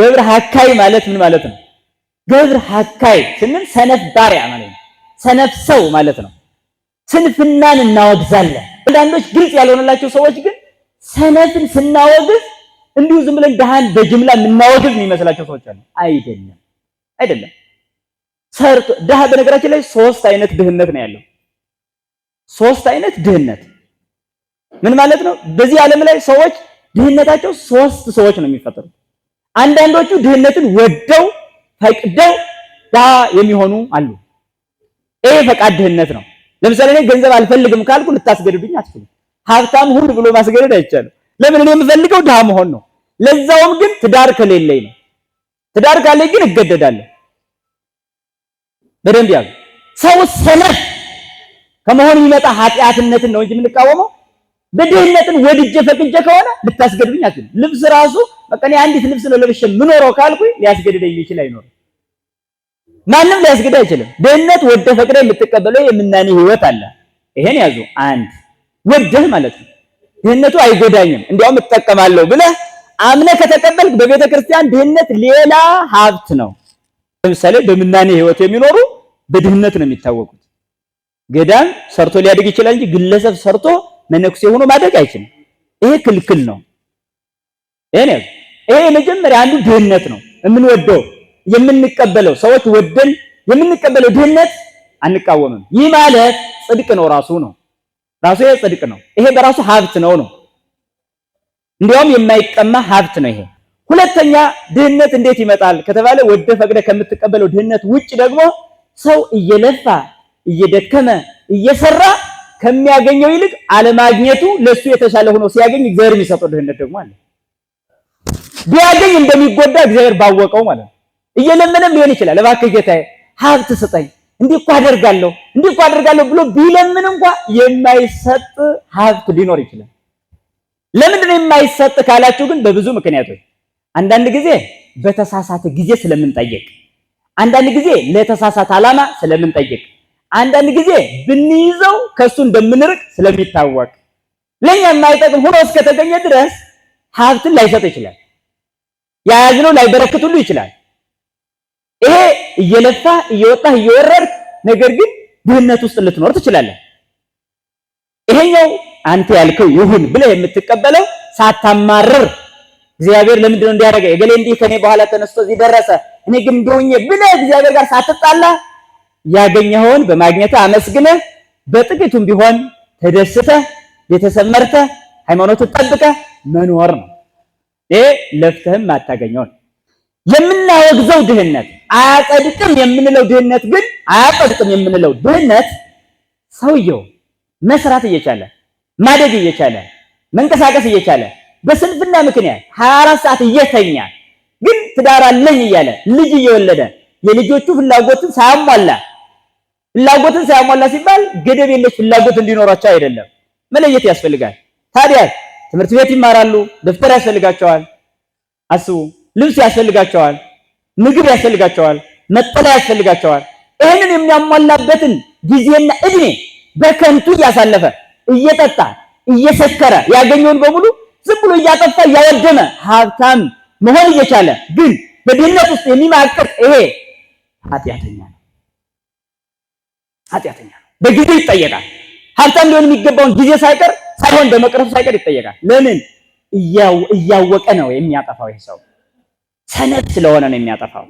ገብር ሀካይ ማለት ምን ማለት ነው? ገብር ሀካይ ስንል ሰነፍ ባሪያ ማለት ነው። ሰነፍ ሰው ማለት ነው። ስንፍናን እናወግዛለን። አንዳንዶች ግልጽ ያልሆነላቸው ሰዎች ግን ሰነፍን ስናወግዝ እንዲሁ ዝም ብለን ድሃን በጅምላ የምናወግዝ የሚመስላቸው ሰዎች አሉ። አይደለም፣ አይደለም። ሰርቶ ድሃ በነገራችን ላይ ሶስት አይነት ድህነት ነው ያለው። ሶስት አይነት ድህነት ምን ማለት ነው? በዚህ ዓለም ላይ ሰዎች ድህነታቸው ሶስት ሰዎች ነው የሚፈጠሩት አንዳንዶቹ ድህነትን ወደው ፈቅደው ዳ የሚሆኑ አሉ። ይሄ ፈቃድ ድህነት ነው። ለምሳሌ እኔ ገንዘብ አልፈልግም ካልኩ ልታስገድዱኝ አትችሉም። ሀብታም ሁን ብሎ ማስገደድ አይቻልም። ለምን? እኔ የምፈልገው ድሃ መሆን ነው። ለዛውም ግን ትዳር ከሌለኝ ነው። ትዳር ካለኝ ግን እገደዳለሁ። በደንብ ያዙ። ሰው ሰነፍ ከመሆን የሚመጣ ኃጢአትነትን ነው እንጂ የምንቃወመው በድህነትን ወድጄ ፈቅጄ ከሆነ ልታስገድብኝ አትችልም። ልብስ ራሱ በቃ እኔ አንዲት ልብስ ነው ለብሼ የምኖረው ካልኩኝ ሊያስገድደኝ የሚችል አይኖርም። ማንም ሊያስገድ አይችልም። ድህነት ወደ ፈቅደ የምትቀበለው የምናኔ ህይወት አለ። ይሄን ያዙ። አንድ ወደህ ማለት ነው ድህነቱ አይጎዳኝም እንዲያውም እጠቀማለሁ ብለህ አምነህ ከተቀበልክ በቤተ ክርስቲያን ድህነት ሌላ ሀብት ነው። ለምሳሌ በምናኔ ህይወት የሚኖሩ በድህነት ነው የሚታወቁት። ገዳም ሰርቶ ሊያድግ ይችላል እንጂ ግለሰብ ሰርቶ መነኩሴ ሆኖ ማድረግ አይችልም። ይሄ ክልክል ነው። እኔ ይሄ መጀመሪያ አንዱ ድህነት ነው። የምንወደው የምንቀበለው ሰዎች ወደን የምንቀበለው ድህነት አንቃወምም። ይህ ማለት ጽድቅ ነው ራሱ ነው ራሱ ይሄ ጽድቅ ነው። ይሄ በራሱ ሀብት ነው ነው እንዲያውም የማይቀማ ሀብት ነው ይሄ። ሁለተኛ ድህነት እንዴት ይመጣል ከተባለ ወደ ፈቅደ ከምትቀበለው ድህነት ውጭ ደግሞ ሰው እየለፋ እየደከመ እየሰራ ከሚያገኘው ይልቅ አለማግኘቱ ለሱ የተሻለ ሆኖ ሲያገኝ እግዚአብሔር የሚሰጠው ድህነት ደግሞ አለ። ቢያገኝ እንደሚጎዳ እግዚአብሔር ባወቀው ማለት ነው። እየለመነም ሊሆን ይችላል። እባክህ ጌታዬ ሀብት ስጠኝ፣ እንዲህ እኮ አደርጋለሁ፣ እንዲህ እኮ አደርጋለሁ ብሎ ቢለምን እንኳ የማይሰጥ ሀብት ሊኖር ይችላል። ለምንድነው የማይሰጥ ካላችሁ ግን በብዙ ምክንያቶች፣ አንዳንድ ጊዜ በተሳሳተ ጊዜ ስለምንጠየቅ፣ አንዳንድ ጊዜ ለተሳሳተ ዓላማ ስለምንጠየቅ አንዳንድ ጊዜ ብንይዘው ከሱ እንደምንርቅ ስለሚታወቅ ለኛ የማይጠቅም ሆኖ እስከተገኘ ድረስ ሀብትን ላይሰጥ ይችላል። የያዝነው ላይበረክት ሁሉ ይችላል። ይሄ እየለፋ እየወጣህ እየወረድክ ነገር ግን ድህነት ውስጥ ልትኖር ትችላለህ። ይሄኛው አንተ ያልከው ይሁን ብለህ የምትቀበለው ሳታማርር እግዚአብሔር ለምንድን ነው እንዲያደርገ የገሌ እንዲህ ከኔ በኋላ ተነስቶ እዚህ ደረሰ እኔ ግን እንደሆኜ ብለህ እግዚአብሔር ጋር ሳትጣላ ያገኘኸውን በማግኘት አመስግነ በጥቂቱም ቢሆን ተደስተ ቤተሰብ መርተ ሃይማኖትን ጠብቀ መኖር ነው። ይሄ ለፍተህም አታገኘው የምናወግዘው ድህነት አያጸድቅም የምንለው ድህነት ግን አያጸድቅም የምንለው ድህነት ሰውየው መስራት እየቻለ ማደግ እየቻለ መንቀሳቀስ እየቻለ በስንፍና ምክንያት 24 ሰዓት እየተኛ ግን ትዳር አለኝ እያለ ልጅ እየወለደ የልጆቹ ፍላጎትን ሳያሟላ ፍላጎትን ሳያሟላ ሲባል ገደብ የለሽ ፍላጎት እንዲኖራቸው አይደለም፣ መለየት ያስፈልጋል። ታዲያ ትምህርት ቤት ይማራሉ፣ ደብተር ያስፈልጋቸዋል፣ አስቡ፣ ልብስ ያስፈልጋቸዋል፣ ምግብ ያስፈልጋቸዋል፣ መጠለያ ያስፈልጋቸዋል። ይህንን የሚያሟላበትን ጊዜና እድሜ በከንቱ እያሳለፈ እየጠጣ እየሰከረ ያገኘውን በሙሉ ዝም ብሎ እያጠፋ እያወደመ ሀብታም መሆን እየቻለ ግን በድህነት ውስጥ የሚማቅቅ ይሄ ኃጢአተኛ ኃጢአተኛ ነው። በጊዜ ይጠየቃል። ሀብታም ሊሆን የሚገባውን ጊዜ ሳይቀር ሳይሆን በመቅረቱ ሳይቀር ይጠየቃል። ለምን? እያወቀ ነው የሚያጠፋው። ይህ ሰው ሰነፍ ስለሆነ ነው የሚያጠፋው።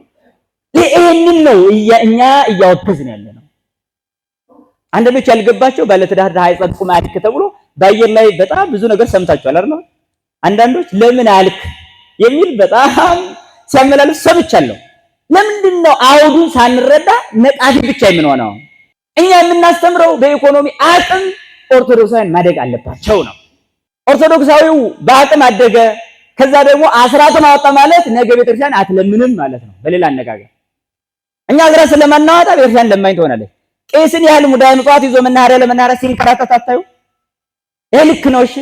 ይህንን ነው እኛ እያወገዝን ያለ ነው። አንዳንዶች ያልገባቸው ባለትዳር ድሀ አይጸድቁም ተብሎ በአየር ላይ በጣም ብዙ ነገር ሰምታችኋል አይደል? አንዳንዶች ለምን አልክ የሚል በጣም ሲያመላለስ ሰምቻለሁ። ለምንድን ነው አውዱን ሳንረዳ ነቃፊ ብቻ የምንሆነው? እኛ የምናስተምረው በኢኮኖሚ አቅም ኦርቶዶክሳውያን ማደግ አለባቸው ነው። ኦርቶዶክሳዊው በአቅም አደገ፣ ከዛ ደግሞ አስራትን አወጣ ማለት ነገ ቤተክርስቲያን አትለምንም ማለት ነው። በሌላ አነጋገር እኛ አስራት ስለማናወጣ ቤተክርስቲያን ለማኝ ትሆናለች። ቄስን ያህል ሙዳየ ምጽዋት ይዞ መናኸሪያ ለመናኸሪያ ሲንከራተት አታዩ? ይህ ልክ ነው? እሺ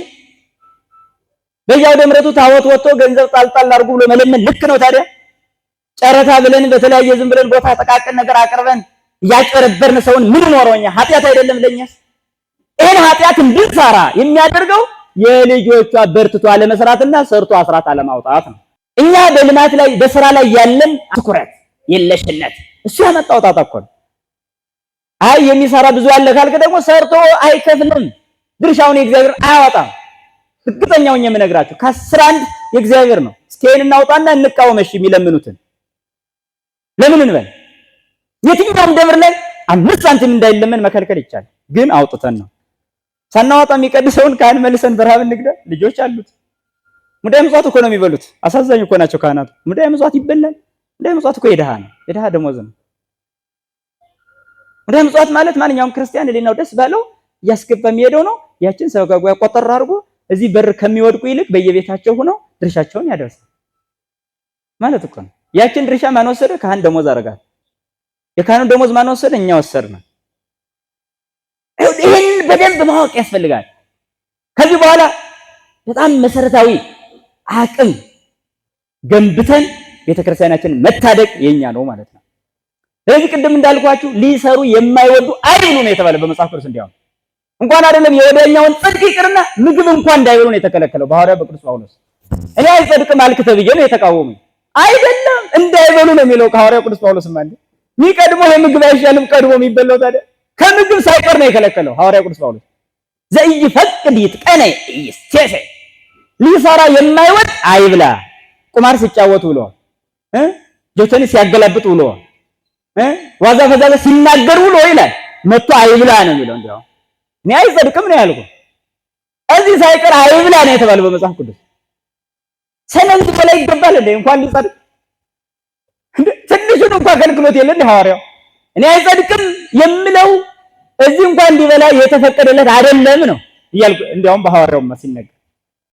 በያው ደምረቱ ታወት ወጥቶ ገንዘብ ጣልጣል አድርጉ ብሎ መለመን ልክ ነው? ታዲያ ጨረታ ብለን በተለያየ ዝም ብለን ቦታ ጠቃቅን ነገር አቅርበን እያጨረበርን ሰውን ምን ኖሮኛ ኃጢአት አይደለም ለኛስ? ይሄን ኃጢአት እንድንሰራ የሚያደርገው የልጆቿ በርትቶ አለመስራትና ሰርቶ አስራት አለማውጣት ነው። እኛ በልማት ላይ በስራ ላይ ያለን ትኩረት የለሽነት እሱ ያመጣው ጣጣ እኮ ነው። አይ የሚሰራ ብዙ አለ ካልክ ደግሞ ሰርቶ አይከፍልም፣ ድርሻውን የእግዚአብሔር አያወጣም። እርግጠኛውን የምነግራቸው ከአስር አንድ የእግዚአብሔር ነው። እስኪ እናውጣና እንቃወም እሺ የሚለምኑትን ለምን እንበል የትኛውም ደብር ላይ አምስት ሳንቲም እንዳይለመን መከልከል ይቻላል። ግን አውጥተን ነው ሳናዋጣ የሚቀድሰውን ካህን መልሰን በረሃብ እንግደ ልጆች አሉት። ሙዳይ ምጽዋት እኮ ነው የሚበሉት። አሳዛኝ እኮ ናቸው ካህናቱ። ሙዳይ ምጽዋት ይበላል። ሙዳይ ምጽዋት እኮ የድሃ ነው፣ የድሃ ደሞዝ ነው። ሙዳይ ምጽዋት ማለት ማንኛውም ክርስቲያን ሌላው ደስ ባለው እያስገባ የሚሄደው ነው። ያችን ሰጋጓ ያቆጠር አድርጎ እዚህ በር ከሚወድቁ ይልቅ በየቤታቸው ሆነው ድርሻቸውን ያደርሳል ማለት እኮ ነው። ያችን ድርሻ ማን ወሰደ? ካህን ደሞዝ አደርጋት የካህኑን ደሞዝ ማን ወሰደ? እኛ ወሰድነው። ይህን በደንብ ማወቅ ያስፈልጋል። ከዚህ በኋላ በጣም መሰረታዊ አቅም ገንብተን ቤተክርስቲያናችን መታደቅ የኛ ነው ማለት ነው። ስለዚህ ቅድም እንዳልኳችሁ ሊሰሩ የማይወዱ አይብሉ ነው የተባለ በመጽሐፍ ቅዱስ። እንዲያውም እንኳን አይደለም የወደኛውን ጽድቅ ይቅርና ምግብ እንኳን እንዳይበሉ ነው የተከለከለው በሐዋርያው በቅዱስ ጳውሎስ። እኔ አይጸድቅም አልክ ተብዬ ነው የተቃወሙ። አይደለም እንዳይበሉ ነው የሚለው ከሐዋርያው ቅዱስ ጳውሎስማ እንደ ሚቀድሞ የምግብ አይሻልም ቀድሞ የሚበላው ታዲያ ከምግብ ሳይቀር ነው የከለከለው ሐዋርያ ቅዱስ ጳውሎስ ዘኢይፈቅድ ይጥቀነ ኢይሴሴ ሊሰራ የማይወድ አይብላ ቁማር ሲጫወት ውሏል እ ጆተኒ ሲያገላብጥ ውሏል እ ዋዛ ፈዛዛ ሲናገር ውሎ ይላል መጥቶ አይብላ ነው የሚለው እንዴ እኔ አይጸድቅም ነው ያልኩ እዚህ ሳይቀር አይብላ ነው የተባለው በመጽሐፍ ቅዱስ ሰነዝ በላይ ይገባል እንዴ እንኳን ሊጸድቅ አገልግሎት የለን ሐዋርያው እኔ አይጸድቅም የምለው እዚህ እንኳን እንዲበላ የተፈቀደለት አይደለም ነው እያልኩ እንዲያውም በሐዋርያው ሲነገር